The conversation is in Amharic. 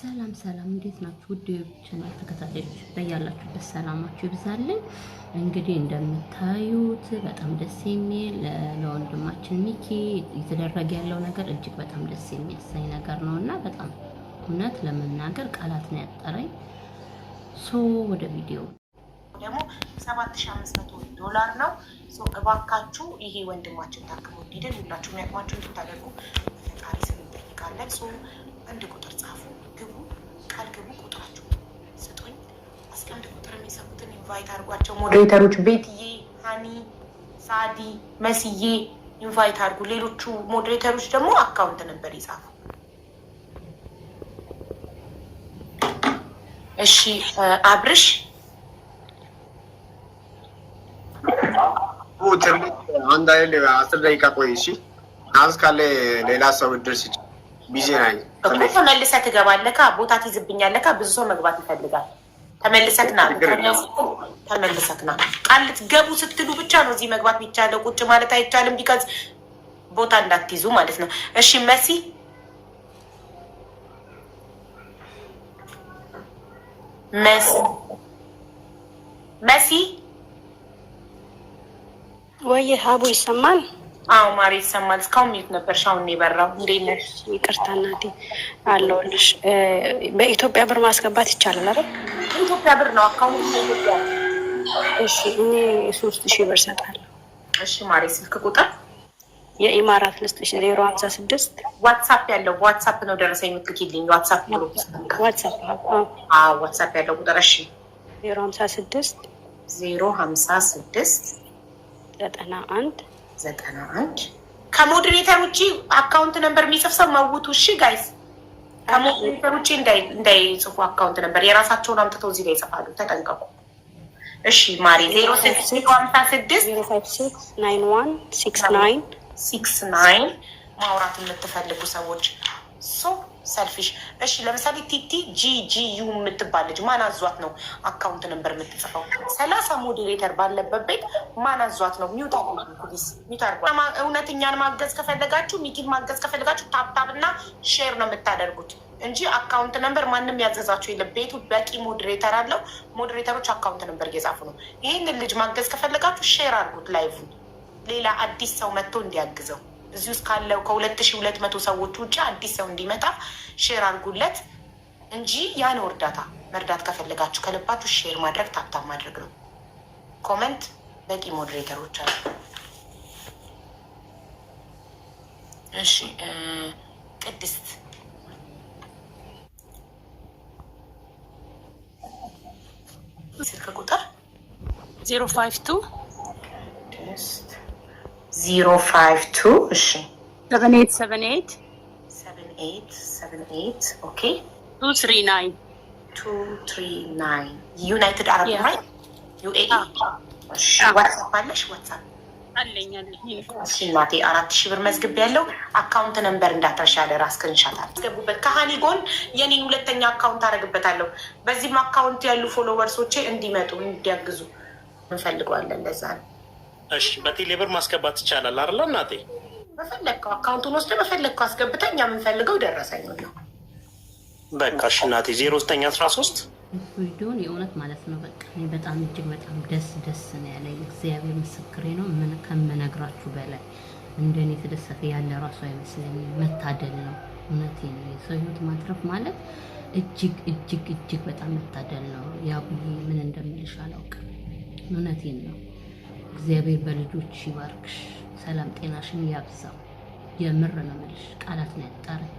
ሰላም ሰላም፣ እንዴት ናችሁ? ውድ ቻናል ተከታታዮች በያላችሁበት ሰላማችሁ ይብዛልኝ። እንግዲህ እንደምታዩት በጣም ደስ የሚል ለወንድማችን ሚኪ እየተደረገ ያለው ነገር እጅግ በጣም ደስ የሚያሳይ ነገር ነው እና በጣም እውነት ለመናገር ቃላት ነው ያጠረኝ። ሶ ወደ ቪዲዮ ደግሞ 7500 ዶላር ነው። እባካችሁ ይሄ ወንድማችን ታክሞ እንዲድን ሁላችሁ የሚያቅማችሁ እንድታደርጉ በፈጣሪ ስም እንጠይቃለን። አንድ ቁጥር ጻፉ። ግቡ፣ ቃል ቁጥራቸው ስጡኝ። አስራ አንድ ቁጥር የሚሰጡትን ኢንቫይት አድርጓቸው። ሞዴሬተሮች ቤትዬ፣ ሀኒ፣ ሳዲ፣ መስዬ ኢንቫይት አድርጉ። ሌሎቹ ሞዴሬተሮች ደግሞ አካውንት ነበር ይጻፉ። እሺ አብርሽ አንድ አይል አስር ደቂቃ ቆይ። እሺ ናዝ ካለ ሌላ ሰው ድርስ ይችላል ቢዚ ነኝ እኮ ተመልሰህ ትገባለካ። ቦታ ትይዝብኛለካ። ብዙ ሰው መግባት ይፈልጋል። ተመልሰክና ተመልሰክና ቃል ልትገቡ ስትሉ ብቻ ነው እዚህ መግባት የሚቻለው። ቁጭ ማለት አይቻልም። ቢካዝ ቦታ እንዳትይዙ ማለት ነው። እሺ መሲ መሲ መሲ ወይ ሀቡ ይሰማል አዎ ማሪ ይሰማል። እስካሁን ሚዩት ነበርሽ፣ አሁን የበራው። እንዴት ነሽ? ይቅርታ እናቴ አለሁልሽ። በኢትዮጵያ ብር ማስገባት ይቻላል አይደል? ኢትዮጵያ ብር ነው አካውንት ኢትዮጵያ። እሺ እኔ ሶስት ሺህ ብር እሰጣለሁ። እሺ ማሪ፣ ስልክ ቁጥር የኢማራት ልስጥሽ፣ ዜሮ ሀምሳ ስድስት ዋትሳፕ ያለው ዋትሳፕ ነው ደረሰ የምትልኪልኝ ዋትሳፕ ዋትሳፕ ዋትሳፕ ያለው ቁጥር እሺ፣ ዜሮ ሀምሳ ስድስት ዜሮ ሀምሳ ስድስት ዘጠና አንድ ዘጠና አንድ ከሞዴሬተር ውጭ አካውንት ነበር የሚጽፍ ሰው መውቱ። እሺ ጋይስ ከሞዴሬተር ውጭ እንዳይጽፉ አካውንት ነበር የራሳቸውን አምጥተው እዚህ ላይ ይጽፋሉ። ተጠንቀቁ። እሺ ማሪ ዜሮ ስድስት ማውራት የምትፈልጉ ሰዎች ሶ ሰልፊሽ። እሺ ለምሳሌ ቲቲ ጂጂዩ የምትባል ልጅ ማን አዟት ነው አካውንት ነበር የምትጽፈው? ሰላሳ ሞዴሬተር ባለበት ቤት ማን አዟት ነው? እውነትኛን ማገዝ ከፈለጋችሁ ሚኪን ማገዝ ከፈለጋችሁ ታፕታፕ እና ሼር ነው የምታደርጉት እንጂ አካውንት ነንበር ማንም ያዘዛቸው የለም። ቤቱ በቂ ሞዴሬተር አለው። ሞዴሬተሮች አካውንት ነንበር እየጻፉ ነው። ይህንን ልጅ ማገዝ ከፈለጋችሁ ሼር አድርጉት ላይቭ፣ ሌላ አዲስ ሰው መጥቶ እንዲያግዘው እዚህ ውስጥ ካለው ከሁለት ሺህ ሁለት መቶ ሰዎች ውጭ አዲስ ሰው እንዲመጣ ሼር አድርጉለት እንጂ ያ ነው እርዳታ። መርዳት ከፈለጋችሁ ከልባችሁ ሼር ማድረግ ታብታ ማድረግ ነው። ኮመንት በቂ ሞዴሬተሮች አሉ። እሺ ቅድስት ስልክ ቁጥር ዜሮ ፋይቭ ቱ ዚሮ ፋይቭ ቱ እሺ ሰቨን ኤይት ሰቨን ኤይት ሰቨን ኤይት ሰቨን ኤይት ኦኬ ቱ ትሪ ናይን ቱ ትሪ ናይን ዩናይትድ አረብ ኤምሬት ዩኤኢ ah. Ah. ዋትሳፕ አለሽ? ዋትሳፕ እናቴ አራት ሺህ ብር መዝግብ ያለው አካውንት ነምበር እንዳትረሻ ለራስ ክንሻት አስገቡበት። ከሀኒ ጎን የኔን ሁለተኛ አካውንት አደርግበታለሁ። በዚህም አካውንት ያሉ ፎሎወርሶቼ እንዲመጡ እንዲያግዙ እንፈልገዋለን። ለዛ ነው እሺ በቴሌብር ማስገባት ይቻላል አይደል እናቴ? በፈለግከው አካውንቱን ወስደ በፈለግከው አስገብተህ እኛ የምንፈልገው ደረሰኝ ነው። በቃ እሺ እናቴ ዜሮ ዘጠኝ አስራ ሶስት ቪዲዮን የእውነት ማለት ነው። በቃ እኔ በጣም እጅግ በጣም ደስ ደስ ነው ያለኝ። እግዚአብሔር ምስክሬ ነው። ምን ከምነግራችሁ በላይ እንደኔ የተደሰተ ያለ ራሱ አይመስለኝም። መታደል ነው። እውነቴ ነው። የሰው ህይወት ማትረፍ ማለት እጅግ እጅግ እጅግ በጣም መታደል ነው። ያቡዬ ምን እንደምልሽ አላውቅም። እውነቴን ነው። እግዚአብሔር በልጆች ይባርክሽ፣ ሰላም ጤናሽን ያብዛው። የምር ነው የምልሽ፣ ቃላት ነው ያጣረኝ።